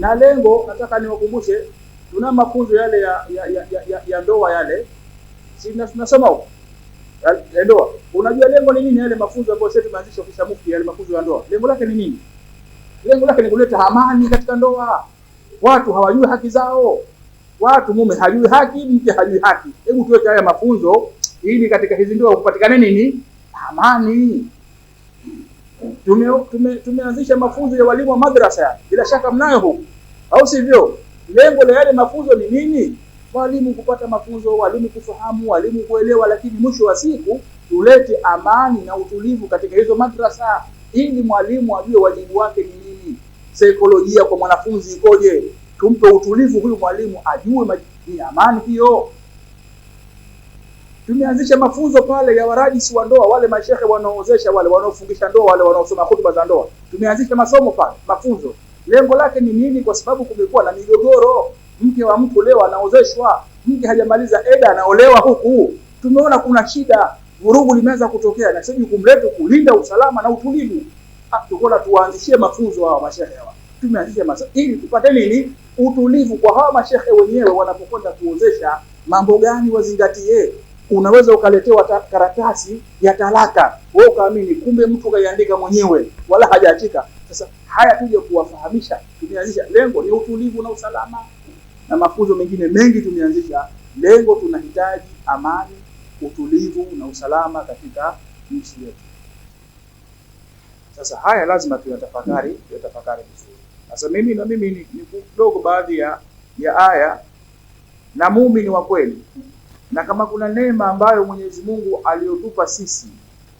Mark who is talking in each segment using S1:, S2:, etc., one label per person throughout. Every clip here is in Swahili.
S1: na lengo nataka niwakumbushe, tuna mafunzo yale ya ya, ya, ya, ya ndoa yale, si tunasema huko ya ndoa. Unajua lengo ni nini? Yale mafunzo ambayo sisi tumeanzisha ofisi ya Mufti, yale mafunzo ya ndoa, lengo lake ni nini? Lengo lake ni kuleta amani katika ndoa. Watu hawajui haki zao, watu mume hajui haki, mke hajui haki. Hebu tuweke haya mafunzo ili katika hizi ndoa kupatikane nini? Amani. Tumeanzisha tume, tume mafunzo ya walimu wa madrasa, bila shaka mnayo huko au sivyo? Lengo la yale mafunzo ni nini? Walimu kupata mafunzo, walimu kufahamu, walimu kuelewa, lakini mwisho wa siku tulete amani na utulivu katika hizo madrasa, ili mwalimu ajue wajibu wake ni nini, saikolojia kwa mwanafunzi ikoje, tumpe utulivu huyu mwalimu, ajue ni amani hiyo. Tumeanzisha mafunzo pale ya warajisi wa ndoa, wale mashehe wanaoozesha, wale wanaofungisha ndoa, wale wanaosoma hutuba za ndoa, tumeanzisha masomo pale, mafunzo lengo lake ni nini? Kwa sababu kumekuwa na migogoro, mke wa mtu leo anaozeshwa, mke hajamaliza eda anaolewa huku. Tumeona kuna shida, vurugu limeanza kutokea, na sisi jukumu letu kulinda usalama na utulivu. Ah, Tukona tuwaanzishie mafunzo hawa mashehe hawa, tumeanzisha ili tupate nini? Utulivu kwa hawa mashehe wenyewe, wanapokwenda kuozesha mambo gani wazingatie. Unaweza ukaletewa karatasi ya talaka wewe ukaamini, kumbe mtu kaiandika mwenyewe wala hajaachika. Sasa haya tuje kuwafahamisha, tumeanzisha lengo ni utulivu na usalama na mafunzo mengine mengi tumeanzisha. Lengo tunahitaji amani, utulivu na usalama katika nchi yetu. Sasa haya lazima tuyatafakari, tuyatafakari vizuri. Sasa mimi na mimi ni kidogo baadhi ya ya aya na muumini wa kweli, na kama kuna neema ambayo Mwenyezi Mungu aliyotupa sisi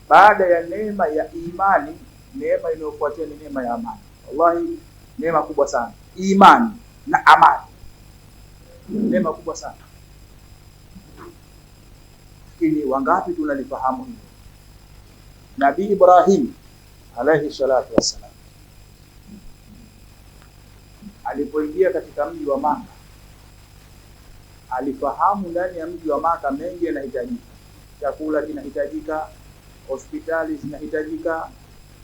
S1: baada ya neema ya imani neema inayofuatia ni neema ya amani. Wallahi, neema kubwa sana imani na amani, neema kubwa sana lakini wangapi tunalifahamu hilo? Nabii Ibrahim alaihi salatu wassalam alipoingia katika mji wa Maka alifahamu ndani ya mji wa Maka mengi yanahitajika, chakula kinahitajika, hospitali zinahitajika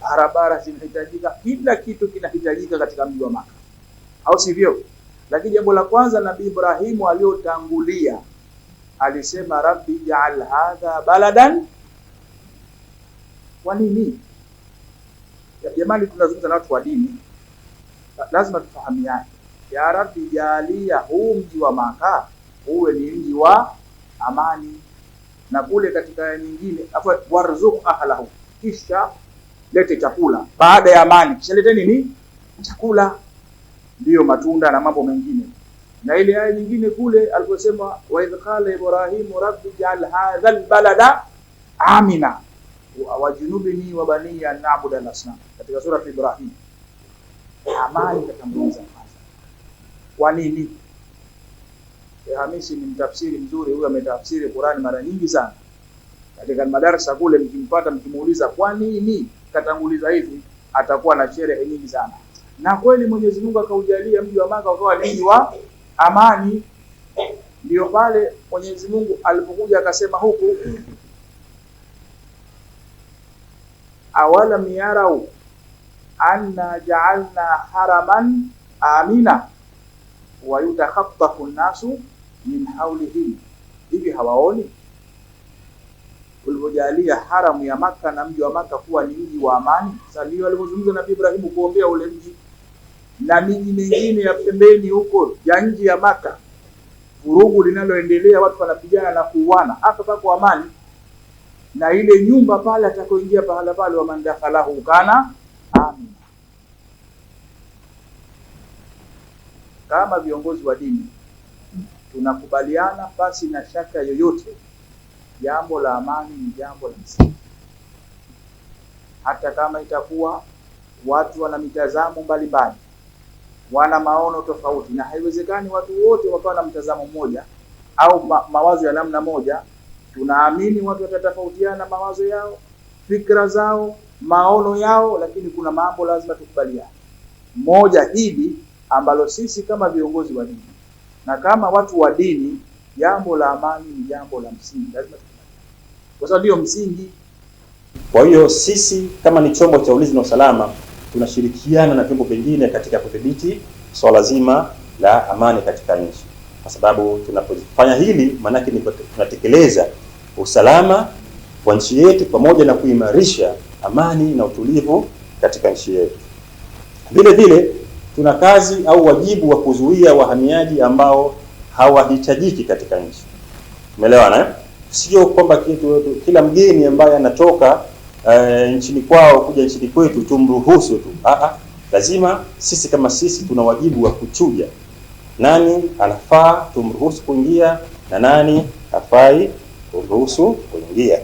S1: barabara zinahitajika, kila kitu kinahitajika katika mji wa Maka, au sivyo? Lakini jambo la kwanza Nabii Ibrahimu aliyotangulia alisema rabbi jaal hadha baladan. Kwa nini jamani? Tunazungumza na watu wa dini, lazima tufahamiane. Ya rabbi jaalia, huu mji wa Maka uwe ni mji wa amani, na kule katika nyingine, afa warzuq ahlahu kisha lete chakula. Baada ya amani, kisha lete nini? chakula, ndiyo matunda na mambo mengine. Na ile aya nyingine kule aliposema, wa idh qala ibrahimu rabbi ja'al hadha albalada amina wajunubini wa baniya na'budu al-asnam, katika sura Ibrahim. Amani katambuliza kwanza. Kwa nini? Hamisi ni mtafsiri mzuri huyu, ametafsiri Qur'ani mara nyingi sana katika madarasa kule, mkimpata mkimuuliza kwa nini katanguliza hivi atakuwa na sherehe nyingi sana. Na kweli Mwenyezi Mungu akaujalia mji wa Maka ukawa mji wa amani. Ndio pale Mwenyezi Mungu alipokuja akasema huku awalam yarau anna ja'alna haraman amina wa yutakhatafu nnasu min haulihim, hivi hawaoni ulivyojalia haramu ya Maka na mji wa Maka kuwa ni mji wa amani, salio alivyozungumza Nabii Ibrahimu kuombea ule mji na miji mingine ya pembeni huko ya nje ya Maka, vurugu linaloendelea, watu wanapigana na kuuana, hapa pako amani. Na ile nyumba pale atakoingia pahala pale, wamandakhalahu kana amin. Kama viongozi wa dini tunakubaliana pasi na shaka yoyote jambo la amani ni jambo la msingi, hata kama itakuwa watu wana mitazamo mbalimbali, wana maono tofauti, na haiwezekani watu wote wakawa na mtazamo mmoja au ma mawazo ya namna moja. Tunaamini watu watatofautiana mawazo yao, fikra zao, maono yao, lakini kuna mambo lazima tukubaliane. Moja hili ambalo sisi kama viongozi wa dini na kama watu wa dini jambo la amani ni jambo la msingi, lazima kwa sababu ndio msingi. Kwa hiyo sisi kama ni chombo cha ulinzi na usalama tunashirikiana na vyombo vingine katika kudhibiti swala zima la amani katika nchi, kwa sababu tunapofanya hili, maanake ni tunatekeleza usalama wa nchi yetu pamoja na kuimarisha amani na utulivu katika nchi yetu. Vile vile tuna kazi au wajibu wa kuzuia wahamiaji ambao hawahitajiki katika nchi. Umeelewana eh? Sio kwamba kila mgeni ambaye anatoka e, nchini kwao kuja nchini kwetu tumruhusu tu. Aa, lazima sisi kama sisi tuna wajibu wa kuchuja nani anafaa tumruhusu kuingia na nani hafai kumruhusu kuingia.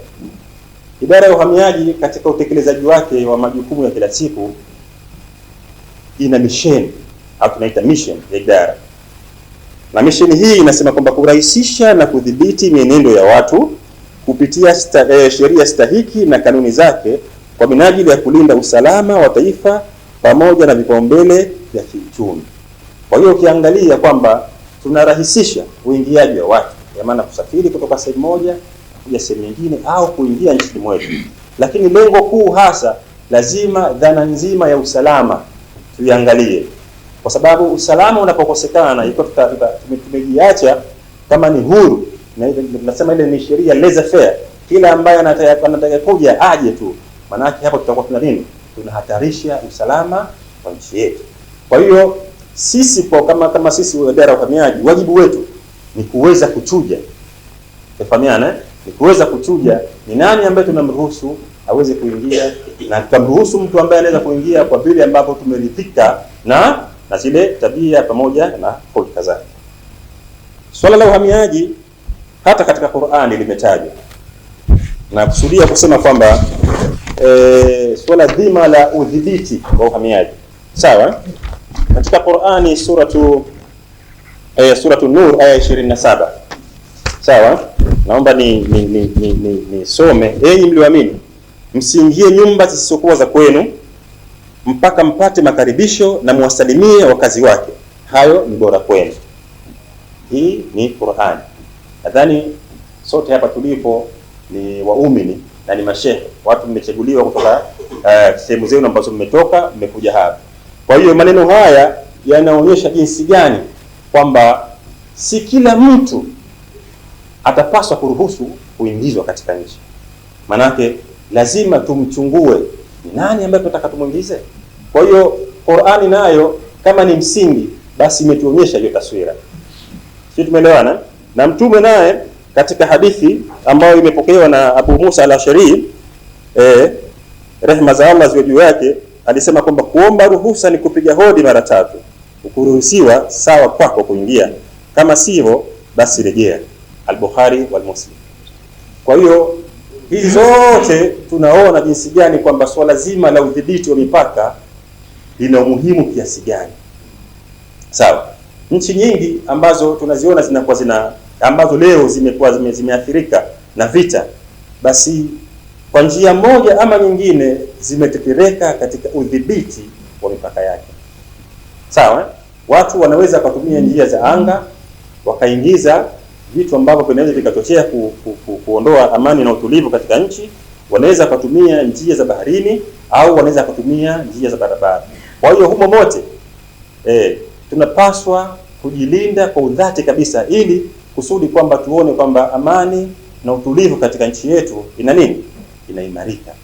S1: Idara ya Uhamiaji katika utekelezaji wake wa majukumu ya kila siku ina misheni au tunaita mission ya idara na misheni hii inasema kwamba kurahisisha na kudhibiti mienendo ya watu kupitia sta, e, sheria stahiki na kanuni zake kwa minajili ya kulinda usalama wa taifa pamoja na vipaumbele vya kiuchumi. Kwa hiyo ukiangalia kwamba tunarahisisha uingiaji wa watu, ya maana kusafiri kutoka sehemu moja kuja sehemu nyingine au kuingia nchini mwetu, lakini lengo kuu hasa lazima dhana nzima ya usalama tuiangalie kwa sababu usalama unapokosekana, iko tumejiacha kama ni huru, nasema ile ni sheria laissez faire, kila ambaye anataka kuja aje tu, maanake hapo tutakuwa tuna nini? Tunahatarisha usalama wa nchi yetu. Kwa hiyo sisi kwa kama kama sisi idara ya uhamiaji, wajibu wetu ni kuweza kuchuja tafahamiana, ni kuweza kuchuja ni nani ambaye tunamruhusu aweze kuingia na tutamruhusu mtu ambaye anaweza kuingia kwa vile ambavyo tumeridhika na na zile tabia pamoja na hulka zake. Swala la uhamiaji hata katika Qur'ani limetajwa na kusudia kusema kwamba e, swala dhima la udhibiti wa uhamiaji sawa. Katika Qur'ani suratu e, suratu Nur aya 27 sawa. Naomba ni nisome ni, ni, ni, ni enyi mlioamini, msiingie nyumba zisizokuwa za kwenu mpaka mpate makaribisho na mwasalimie wakazi wake, hayo ni bora kwenu. Hii ni Qur'an. Nadhani sote hapa tulipo ni waumini na ni mashehe, watu mmechaguliwa kutoka uh, sehemu zenu ambazo mmetoka, mmekuja hapa. Kwa hiyo maneno haya yanaonyesha jinsi gani kwamba si kila mtu atapaswa kuruhusu kuingizwa katika nchi, manake lazima tumchungue ni nani ambaye tunataka tumwingize? Kwa hiyo Qur'ani nayo kama ni msingi, basi imetuonyesha hiyo taswira, sio? Tumeelewana na mtume naye katika hadithi ambayo imepokewa na Abu Musa al-Ashari eh, rehma za Allah ziwe juu yake, alisema kwamba kuomba ruhusa ni kupiga hodi mara tatu. Ukuruhusiwa sawa kwako kuingia, kama sivyo basi rejea. Al-Bukhari wal Muslim. Kwa hiyo Hizi zote tunaona jinsi gani kwamba swala zima la udhibiti wa mipaka lina umuhimu kiasi gani. Sawa, nchi nyingi ambazo tunaziona zinakuwa zina ambazo leo zimekuwa zime, zimeathirika na vita, basi kwa njia moja ama nyingine zimetetereka katika udhibiti wa mipaka yake. Sawa, watu wanaweza wakatumia njia za anga wakaingiza vitu ambavyo vinaweza vikachochea ku, ku, ku, kuondoa amani na utulivu katika nchi, wanaweza kutumia njia za baharini au wanaweza kutumia njia za barabara. Kwa hiyo humo mote eh, tunapaswa kujilinda kwa udhati kabisa, ili kusudi kwamba tuone kwamba amani na utulivu katika nchi yetu ina nini, inaimarika.